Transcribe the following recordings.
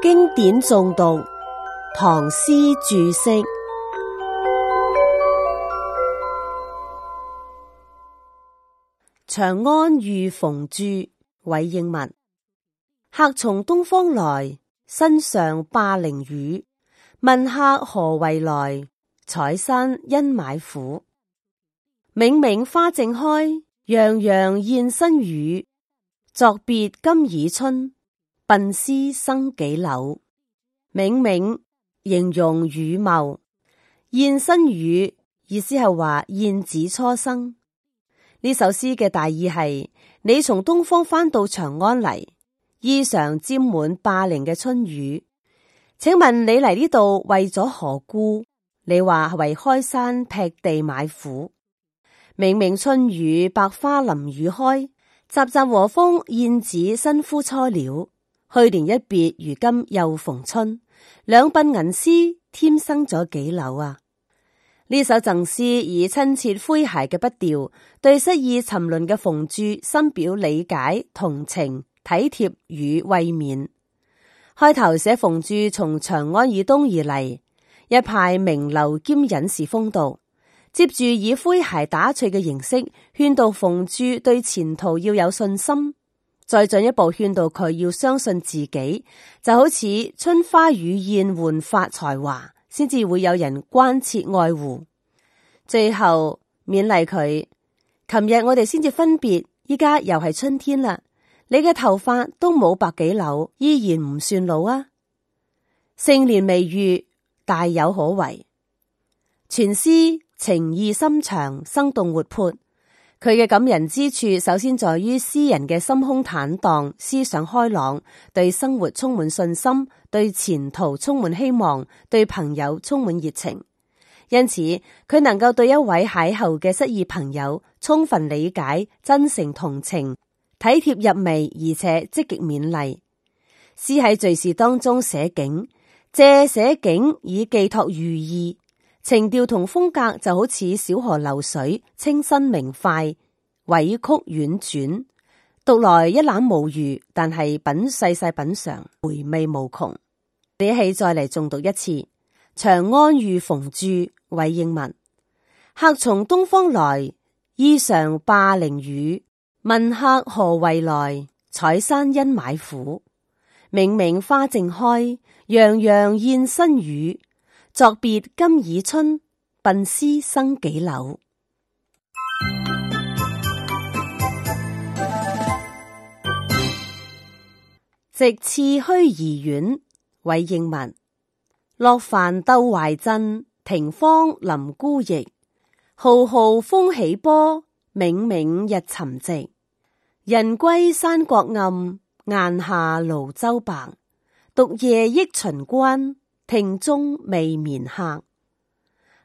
經典誦讀，唐詩注釋。長安遇馮著韋應物。客從東方來，身上灞陵雨。問客何為來？采山因買斧。冥冥花正開，洋洋燕新雨。作別今已春。鬢絲生幾縷。冥冥，形容雨貌燕新乳，意思係話燕子初生。呢首詩嘅大意係：你從東方返到長安嚟，衣裳沾滿灞陵嘅春雨。請問你嚟呢度為咗何故？你話為開山劈地買斧。冥冥春雨百花淋雨開，習習和風燕子新孵雛鳥。去年一別，如今又逢春。兩鬢銀絲，添生咗幾縷啊！呢首贈詩以親切詼諧嘅筆調，對失意沉淪嘅馮著深表理解、同情、體貼與慰勉。開頭寫馮著從長安以東而嚟，一派名流兼隱士風度。接住以詼諧打趣嘅形式，勸導馮著對前途要有信心。再進一步勸導佢要相信自己，就好似春花與燕煥發才華，先至會有人關切愛護。最後勉勵佢：，琴日我哋先至分別，依家又係春天啦。你嘅頭髮都冇白幾縷，依然唔算老啊。盛年未遇，大有可為。全詩情意深長，生動活潑。佢嘅感人之處，首先在於詩人嘅心胸坦蕩、思想開朗，對生活充滿信心，對前途充滿希望，對朋友充滿熱情。因此，佢能夠對一位邂逅嘅失意朋友充分理解、真誠同情、體貼入微，而且積極勉勵。詩喺敘事當中寫景，借寫景以寄託寓意。情調同風格就好似小河流水，清新明快，委曲婉轉，讀來一覽無餘。但係品細細品嘗，回味無窮。比起再嚟重讀一次《長安遇馮著》，韋應物，客從東方來，衣上灞陵雨。問客何為來？採山因買斧。明明花正開，洋洋燕新雨。作別今已春，鬢絲生幾縷。 直次虛而遠，韋應物。落帆逗淮鎮，停舫臨孤驛。浩浩風起波，冥冥日沉夕。人歸山郭暗，雁下蘆洲白，獨夜憶秦關，庭中未眠客，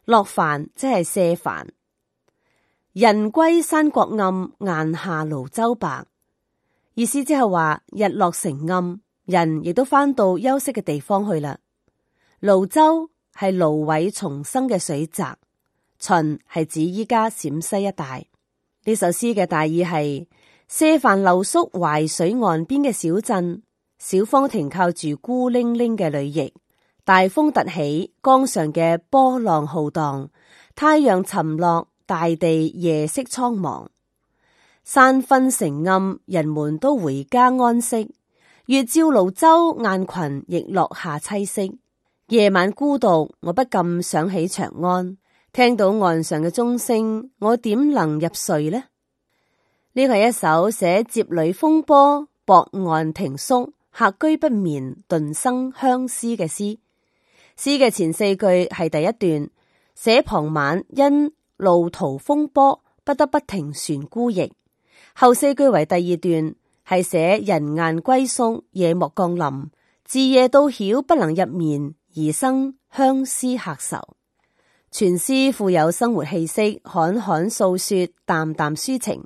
落帆即係卸帆。人歸山郭暗，雁下蘆洲白。意思即係話日落成暗，人亦都翻到休息嘅地方去啦。蘆洲係蘆葦叢生嘅水澤，秦係指依家陝西一帶。呢首詩嘅大意係：卸帆留宿淮水岸邊嘅小鎮，小舫停靠住孤零零嘅旅驛。大風突起，江上嘅波浪浩蕩；太陽沉落，大地夜色蒼茫，山昏成暗，人們都回家安息。月照蘆洲雁群亦落下棲息。夜晚孤獨，我不禁想起長安，聽到岸上嘅鐘聲，我點能入睡呢？呢個係一首寫接旅風波、泊岸停宿、客居不眠、頓生鄉思嘅詩。詩嘅前四句係第一段，寫傍晚因路途風波，不得不停船孤驛。後四句為第二段，係寫人雁歸宿，夜幕降臨，自夜到曉不能入眠，而生鄉思客愁。全詩富有生活氣息，侃侃訴說，淡淡抒情。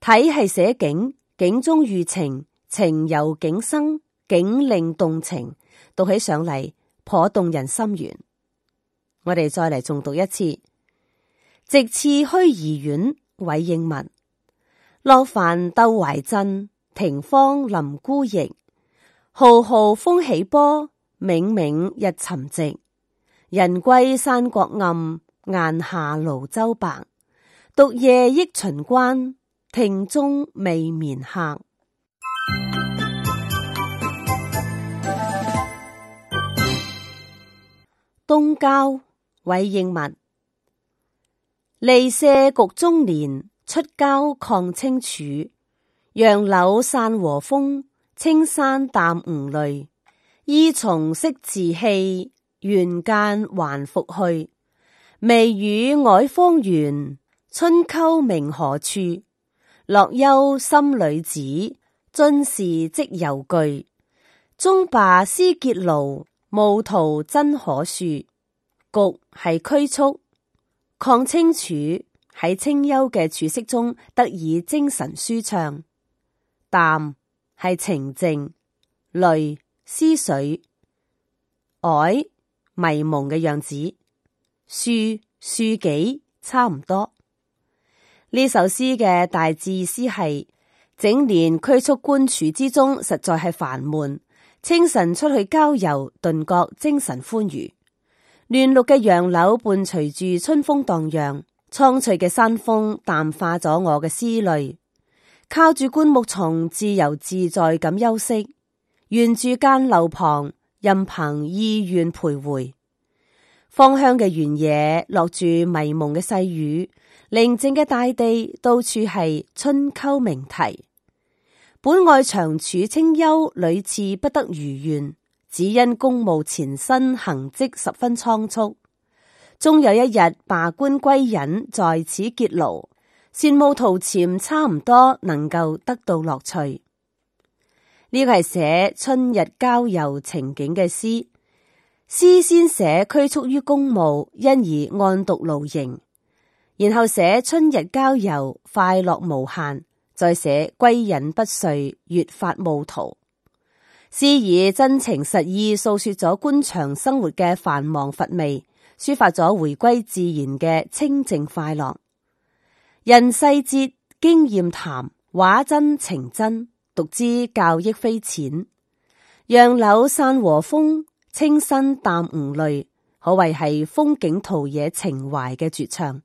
體係寫景，景中寓情，情由景生，景令動情。讀起上嚟，頗動人心弦，我哋再嚟重讀一次。直刺虛夷遠，韋應物：「落帆斗淮鎮，庭芳臨孤影。浩浩風起波，冥冥日沉寂。人歸山國暗，雁下廬州白。獨夜憶秦關，庭中未眠客。東郊，韋應物。吏舍局終年，出郊曠清處，楊柳散和風，青山淡無慮。依叢適自憩，緣澗還復去。微雨靄芳原，春鳩鳴何處？樂幽心屢止，遵事跡猶遽。終罷思結廬。慕陶直可庶，局係拘束。曠清曙喺清幽嘅曙色中，得以精神舒暢。淡係澄靜，累思緒，靄迷蒙嘅樣子，庶，庶幾，差唔多。呢首詩嘅大致意思係，整年拘束官署之中，實在係煩悶。清晨出去郊遊，頓覺精神歡愉。嫩綠嘅楊柳伴隨住春風蕩漾，蒼翠嘅山峰淡化咗我嘅思慮。靠住灌木叢，自由自在咁休息。沿住間樓旁，任憑意願徘徊。芳香嘅原野落住迷蒙嘅細雨，寧靜嘅大地到處係春鳩鳴啼。本愛長處清幽，屢次不得如願，只因公務纏身，行迹十分倉促。終有一日罷官歸隱，在此結廬。羨慕陶潛差唔多能夠得到樂趣。呢個係寫春日郊遊情景嘅詩，詩先寫拘束於公務，因而案牘勞形，然後寫春日郊遊快樂無限。再寫歸隱不遂，越發慕陶，詩以真情實意訴說咗官場生活嘅繁忙乏味，抒發咗回歸自然嘅清靜快樂。人世節經驗談，畫真情真，讀之教益非淺。楊柳散和風，青山澹吾慮，可謂係風景陶冶情懷嘅絕唱。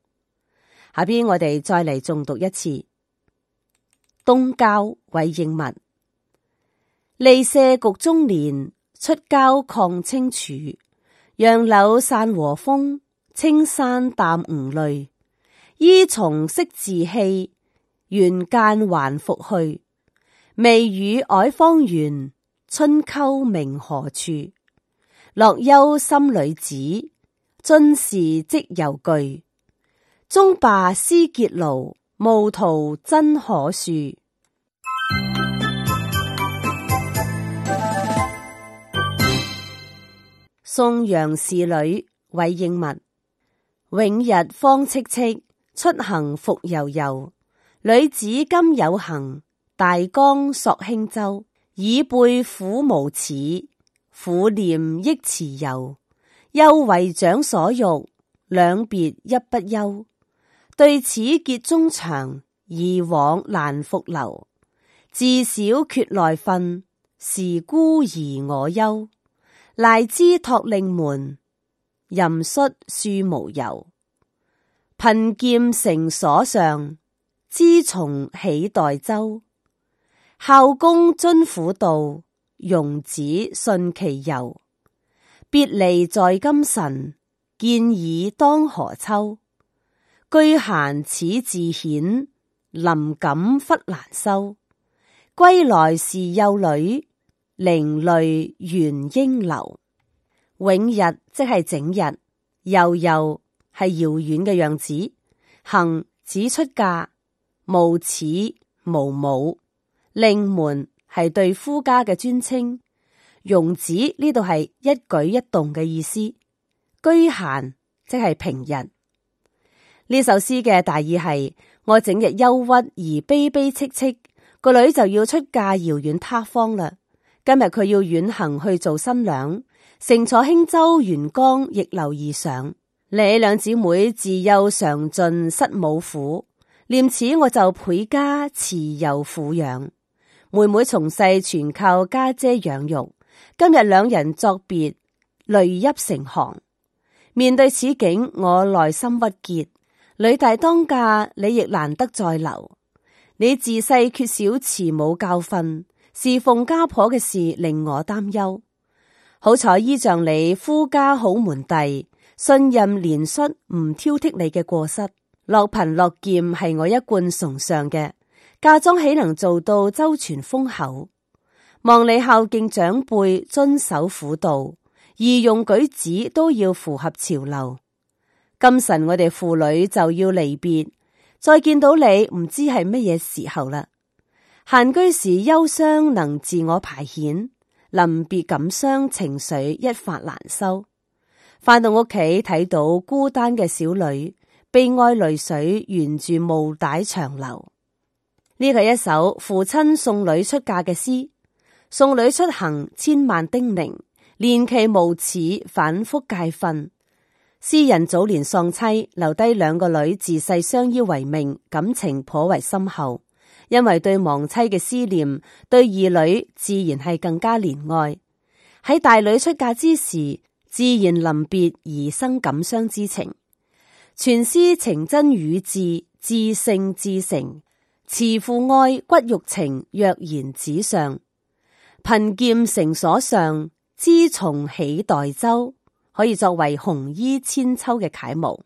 下邊我哋再嚟誦讀一次。東郊韋應物，吏舍跼終年，出郊曠清曙，楊柳散和風，青山澹吾慮。依叢適自憩，緣澗還復去。微雨靄芳原，春鳩鳴何處？樂幽心屢止，遵事跡猶遽。終罷斯結廬。牧途真可恕。送楊氏女。韋應物。永日方戚戚，出行復悠悠。女子今有行，大江溯輕舟。爾輩苦無恃，撫念益慈柔。幼為長所育，兩別泣不休。對此結中腸，義往難復留。自小缺內訓，事姑貽我憂。賴茲託令門，任恤庶無尤。貧儉誠所尚，資從豈待周。孝恭遵婦道，容止順其猷。別離在今晨，見爾當何秋？居閒始自遣，臨感忽難收。歸來是幼女，零淚原應流。永日即係整日，悠悠係遙遠嘅樣子。行指出嫁，無恃無母。令門係對夫家嘅尊稱。容止呢度係一舉一動嘅意思。居閒即係平日。呢首詩嘅大意係：我整日憂鬱而悲悲戚戚，個女就要出嫁遙遠他方啦。今日佢要遠行去做新娘，乘坐輕舟沿江逆流而上。你兩姊妹自幼嘗盡失母苦，念此我就倍加慈幼撫養。妹妹從細全靠家姐，姐養育，今日兩人作別，淚泣成行。面對此景，我內心鬱結。女大當嫁，你亦難得再留。你自細缺少慈母教訓，侍奉家婆嘅事令我擔憂。好彩依仗你夫家好門第，信任連率唔挑剔你嘅過失。樂貧樂儉係我一貫崇尚嘅，嫁妝豈能做到周全豐厚？望你孝敬長輩，遵守婦道，儀容舉止都要符合潮流。今晨我哋父女就要離別，再見到你唔知係乜嘢時候啦。閒居時憂傷能自我排遣，臨別感傷情緒一發難收。返到屋企睇到孤單嘅小女，悲哀淚水沿住帽帶長流。呢係一首父親送女出嫁嘅詩，送女出行千萬叮嚀，年期無恥反覆戒訓。詩人早年喪妻，留低兩個女自細相依為命，感情頗為深厚。因為對亡妻嘅思念，對二女自然係更加憐愛。喺大女出嫁之時，自然臨別而生感傷之情。全詩情真語摯，至性至誠，慈父愛骨肉情，躍然紙上。貧賤誠所尚，知從喜代周。可以作為紅衣千秋嘅楷模。